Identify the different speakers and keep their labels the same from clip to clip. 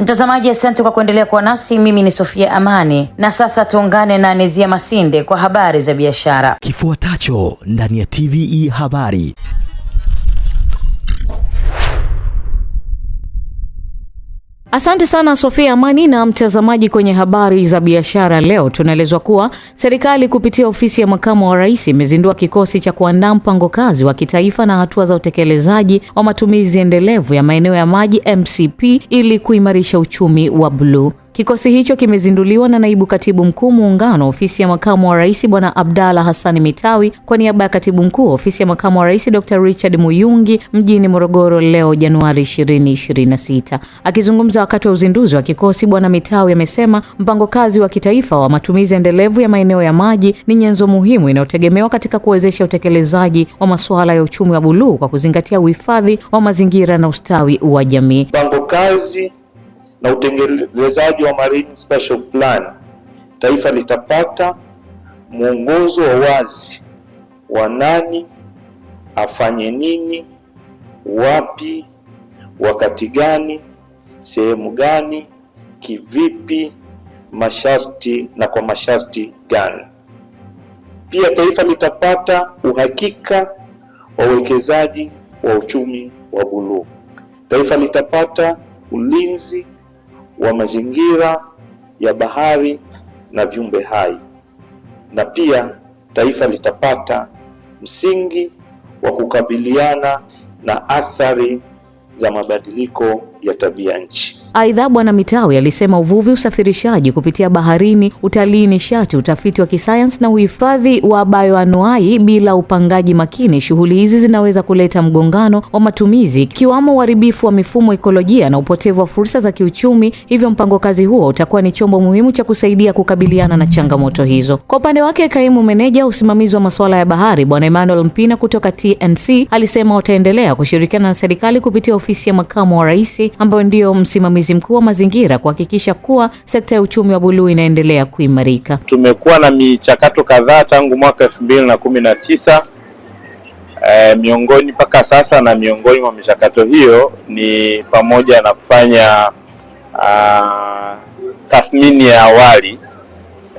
Speaker 1: Mtazamaji, asante kwa kuendelea kuwa nasi. Mimi ni Sofia Amani, na sasa tuungane na Nezia Masinde kwa habari za biashara.
Speaker 2: Kifuatacho ndani ya TVE habari.
Speaker 1: Asante sana Sofia Amani na mtazamaji, kwenye habari za biashara leo tunaelezwa kuwa serikali kupitia ofisi ya makamu wa rais imezindua kikosi cha kuandaa mpango kazi wa kitaifa na hatua za utekelezaji wa matumizi endelevu ya maeneo ya maji MCP ili kuimarisha uchumi wa bluu. Kikosi hicho kimezinduliwa na naibu katibu mkuu muungano ofisi ya makamu wa rais bwana Abdalla Hassan Mitawi kwa niaba ya katibu mkuu ofisi ya makamu wa rais Dr. Richard Muyungi mjini Morogoro leo Januari 2026. Akizungumza wakati wa uzinduzi wa kikosi, bwana Mitawi amesema mpango kazi wa kitaifa wa matumizi endelevu ya maeneo ya maji ni nyenzo muhimu inayotegemewa katika kuwezesha utekelezaji wa masuala ya uchumi wa buluu kwa kuzingatia uhifadhi wa mazingira na ustawi wa jamii.
Speaker 3: Mpango kazi na utengenezaji wa Marine Special Plan, taifa litapata mwongozo wa wazi wa nani afanye nini, wapi, wakati gani, sehemu gani, kivipi, masharti na kwa masharti gani. Pia taifa litapata uhakika wa uwekezaji wa uchumi wa buluu. Taifa litapata ulinzi wa mazingira ya bahari na viumbe hai, na pia taifa litapata msingi wa kukabiliana na athari za mabadiliko ya tabia nchi.
Speaker 1: Aidha, Bwana Mitawi alisema uvuvi, usafirishaji kupitia baharini, utalii, nishati, utafiti wa kisayansi na uhifadhi wa bioanuai bila upangaji makini, shughuli hizi zinaweza kuleta mgongano wa matumizi, ikiwamo uharibifu wa mifumo ekolojia na upotevu wa fursa za kiuchumi. Hivyo mpango kazi huo utakuwa ni chombo muhimu cha kusaidia kukabiliana na changamoto hizo. Kwa upande wake, kaimu meneja usimamizi wa masuala ya bahari Bwana Emmanuel Mpina kutoka TNC alisema wataendelea kushirikiana na serikali kupitia ofisi ya makamu wa rais ambayo ndiyo msimamizi msimamizi mkuu wa mazingira kuhakikisha kuwa sekta ya uchumi wa buluu inaendelea kuimarika.
Speaker 4: Tumekuwa na michakato kadhaa tangu mwaka elfu mbili na kumi na tisa e, miongoni mpaka sasa, na miongoni mwa michakato hiyo ni pamoja na kufanya a, ah, tathmini ya awali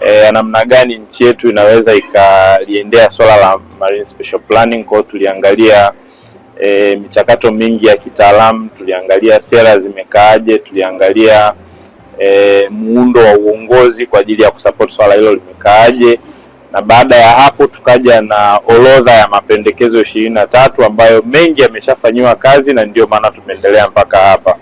Speaker 4: eh, ya e, namna gani nchi yetu inaweza ikaliendea swala la Marine Special Planning. Kwao tuliangalia e, michakato mingi ya kitaalamu, tuliangalia sera zimekaaje, tuliangalia e, muundo wa uongozi kwa ajili ya kusupport swala hilo limekaaje, na baada ya hapo tukaja na orodha ya mapendekezo ishirini na tatu ambayo mengi yameshafanyiwa kazi na ndiyo maana tumeendelea mpaka hapa.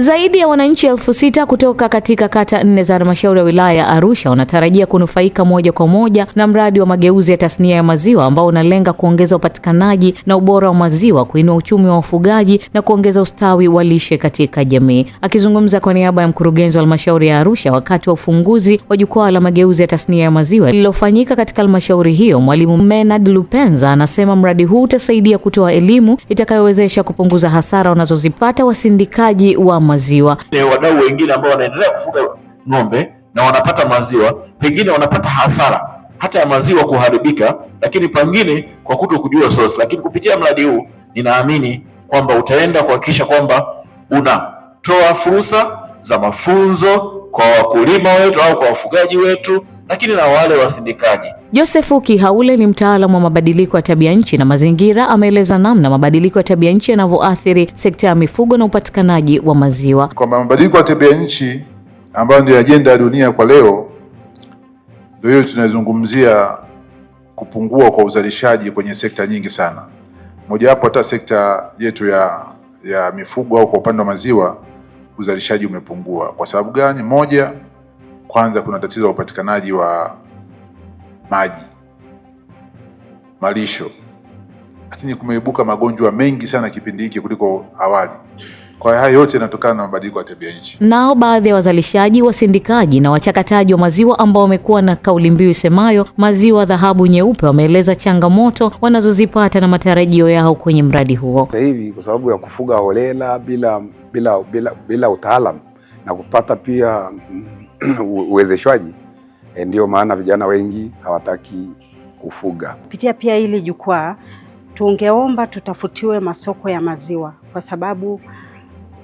Speaker 1: Zaidi ya wananchi elfu sita kutoka katika kata nne za halmashauri ya wilaya ya Arusha wanatarajia kunufaika moja kwa moja na mradi wa mageuzi ya tasnia ya maziwa ambao unalenga kuongeza upatikanaji na ubora wa maziwa, kuinua uchumi wa wafugaji na kuongeza ustawi wa lishe katika jamii. Akizungumza kwa niaba ya mkurugenzi wa halmashauri ya Arusha wakati wa ufunguzi wa jukwaa la mageuzi ya tasnia ya maziwa lililofanyika katika halmashauri hiyo, Mwalimu Menad Lupenza anasema mradi huu utasaidia kutoa elimu itakayowezesha kupunguza hasara wanazozipata wasindikaji wa maziwa.
Speaker 5: Wadau wengine ambao wanaendelea kufuga ng'ombe na wanapata maziwa, pengine wanapata hasara hata ya maziwa kuharibika, lakini pengine kwa kuto kujua source. Lakini kupitia mradi huu ninaamini kwamba utaenda kuhakikisha kwamba unatoa fursa za mafunzo kwa wakulima wetu au kwa wafugaji wetu lakini na wale wasindikaji.
Speaker 1: Joseph Kihaule ni mtaalamu wa mabadiliko ya tabia nchi na mazingira, ameeleza namna mabadiliko ya tabia nchi yanavyoathiri sekta ya mifugo na upatikanaji wa maziwa,
Speaker 6: kwamba mabadiliko ya tabia nchi ambayo ndio ajenda ya dunia kwa leo, ndio hiyo tunazungumzia kupungua kwa uzalishaji kwenye sekta nyingi sana, mojawapo hata sekta yetu ya, ya mifugo au kwa upande wa maziwa, uzalishaji umepungua. Kwa sababu gani? Moja, kwanza kuna tatizo la upatikanaji wa maji, malisho, lakini kumeibuka magonjwa mengi sana kipindi hiki kuliko awali. Kwa hiyo hayo yote yanatokana na mabadiliko ya tabia nchi.
Speaker 1: Nao baadhi ya wazalishaji, wasindikaji na wachakataji wa maziwa ambao wamekuwa na kauli mbiu isemayo maziwa dhahabu nyeupe, wameeleza changamoto wanazozipata na matarajio yao kwenye mradi huo.
Speaker 6: Sasa hivi kwa sababu ya kufuga holela bila, bila, bila, bila utaalamu na kupata pia uwezeshwaji, eh, ndio maana vijana wengi hawataki kufuga.
Speaker 7: Kupitia pia hili jukwaa, tungeomba tutafutiwe masoko ya maziwa, kwa sababu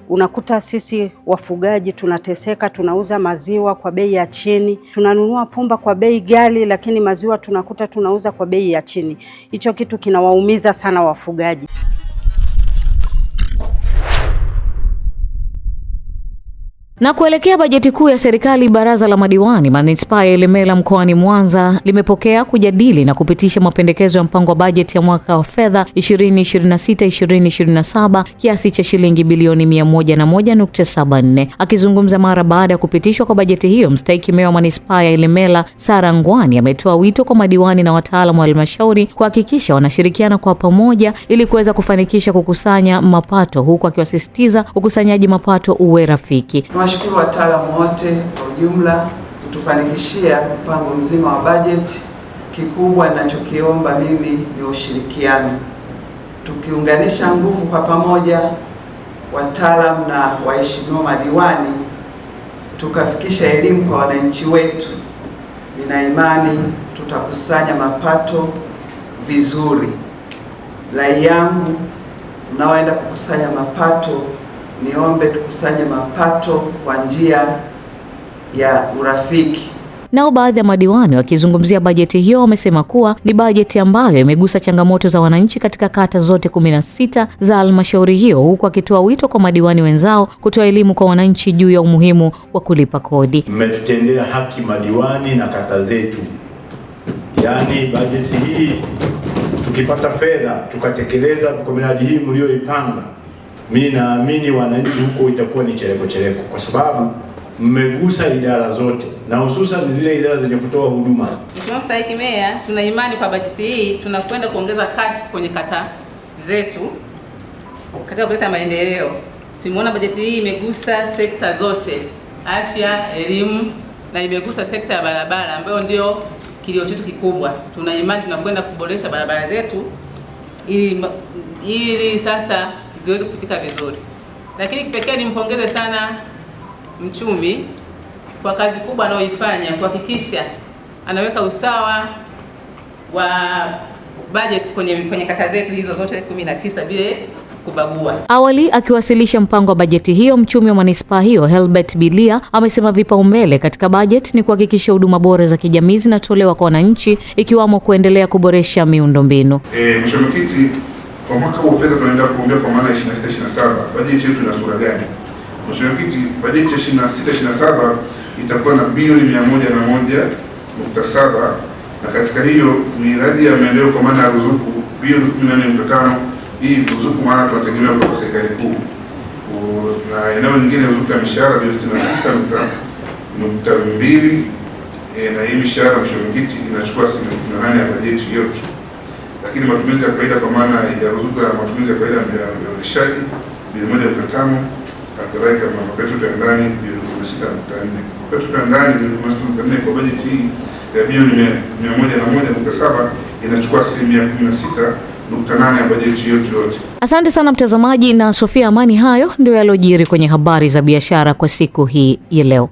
Speaker 7: unakuta sisi wafugaji tunateseka, tunauza maziwa kwa bei ya chini, tunanunua pumba kwa bei ghali, lakini maziwa tunakuta tunauza kwa bei ya chini. Hicho kitu kinawaumiza sana wafugaji.
Speaker 1: Na kuelekea bajeti kuu ya serikali, baraza la madiwani manispaa ya Ilemela mkoani Mwanza limepokea, kujadili na kupitisha mapendekezo ya mpango wa bajeti ya mwaka wa fedha 2026-2027 kiasi cha shilingi bilioni 101.74. Akizungumza mara baada ya kupitishwa kwa bajeti hiyo, mstahiki meya wa manispaa ya Ilemela Sara Ngwani ametoa wito kwa madiwani na wataalamu wa halmashauri kuhakikisha wanashirikiana kwa pamoja ili kuweza kufanikisha kukusanya mapato, huku akiwasisitiza ukusanyaji mapato uwe rafiki
Speaker 8: niwashukuru wataalamu wote kwa ujumla kutufanikishia mpango mzima wa bajeti. Kikubwa ninachokiomba mimi ni ushirikiano, tukiunganisha nguvu kwa pamoja, wataalamu na waheshimiwa madiwani, tukafikisha elimu kwa wananchi wetu, nina imani tutakusanya mapato vizuri. Rai yangu unaoenda kukusanya mapato niombe tukusanye mapato kwa njia ya urafiki.
Speaker 1: Nao baadhi ya madiwani wakizungumzia bajeti hiyo wamesema kuwa ni bajeti ambayo imegusa changamoto za wananchi katika kata zote kumi na sita za halmashauri hiyo, huku akitoa wito kwa madiwani wenzao kutoa elimu kwa wananchi juu ya umuhimu wa kulipa kodi.
Speaker 9: Mmetutendea haki madiwani na kata zetu, yaani bajeti hii tukipata fedha tukatekeleza kwa miradi hii mlioipanga mi naamini wananchi huko itakuwa ni chereko chereko, kwa sababu mmegusa idara zote na hususan zile idara zenye kutoa huduma.
Speaker 10: Mheshimiwa Mstahiki Meya, tuna imani kwa bajeti hii tunakwenda kuongeza kasi kwenye kata zetu katika kuleta maendeleo. Tumeona bajeti hii imegusa sekta zote, afya, elimu na imegusa sekta ya barabara ambayo ndio kilio chetu kikubwa. Tuna imani tunakwenda kuboresha barabara zetu ili ili sasa ziweze kupitika vizuri. Lakini kipekee nimpongeze sana mchumi kwa kazi kubwa anayoifanya kuhakikisha anaweka usawa wa budget kwenye, kwenye kata zetu hizo zote 19 bila kubagua.
Speaker 1: Awali akiwasilisha mpango wa bajeti hiyo, mchumi wa manispaa hiyo Helbert Bilia amesema vipaumbele katika bajeti ni kuhakikisha huduma bora za kijamii zinatolewa kwa wananchi ikiwamo kuendelea kuboresha miundombinu.
Speaker 11: E, mwenyekiti kwa mwaka wa fedha tunaenda kuongea kwa maana 26 27, bajeti yetu ina sura gani? Mheshimiwa Kiti, bajeti ya 26 27 itakuwa na bilioni 101.7 na katika hiyo miradi ya maendeleo kwa maana ya ruzuku bilioni 14.5. Hii ruzuku maana tunategemea kutoka serikali kuu, na eneo lingine ruzuku ya mishahara bilioni 69.2. E, na hii mishahara Mheshimiwa Kiti inachukua asilimia 68 ya bajeti yote lakini matumizi ya kawaida kwa maana ya ruzuku ya matumizi ya kawaida ya ulishaji bilioni moja nukta tano kadhalika na mapato ya ndani bilioni kumi na sita nukta nne mapato ya ndani bilioni kumi na sita nukta nne kwa bajeti hii ya bilioni mia moja na moja nukta saba inachukua asilimia kumi na sita nukta nane ya bajeti yote yote.
Speaker 1: Asante sana mtazamaji na Sofia Amani, hayo ndio yalojiri kwenye habari za biashara kwa siku hii ya leo.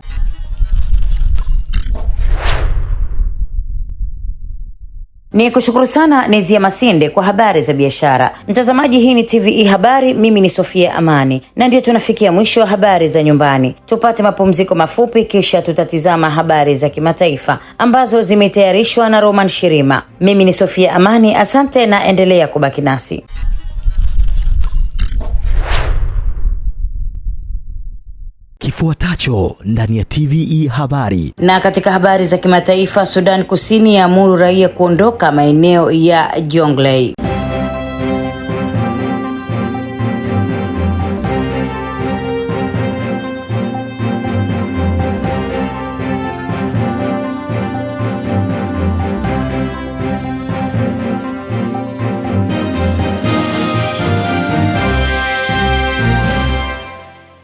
Speaker 1: Ni kushukuru sana Nezia Masinde kwa habari za biashara. Mtazamaji, hii ni TVE Habari, mimi ni Sofia Amani, na ndio tunafikia mwisho wa habari za nyumbani. Tupate mapumziko mafupi, kisha tutatizama habari za kimataifa ambazo zimetayarishwa na Roman Shirima. Mimi ni Sofia Amani, asante na endelea kubaki nasi.
Speaker 2: kifuatacho ndani ya TVE habari.
Speaker 1: Na katika habari za kimataifa, Sudan Kusini yaamuru raia kuondoka maeneo ya Jonglei.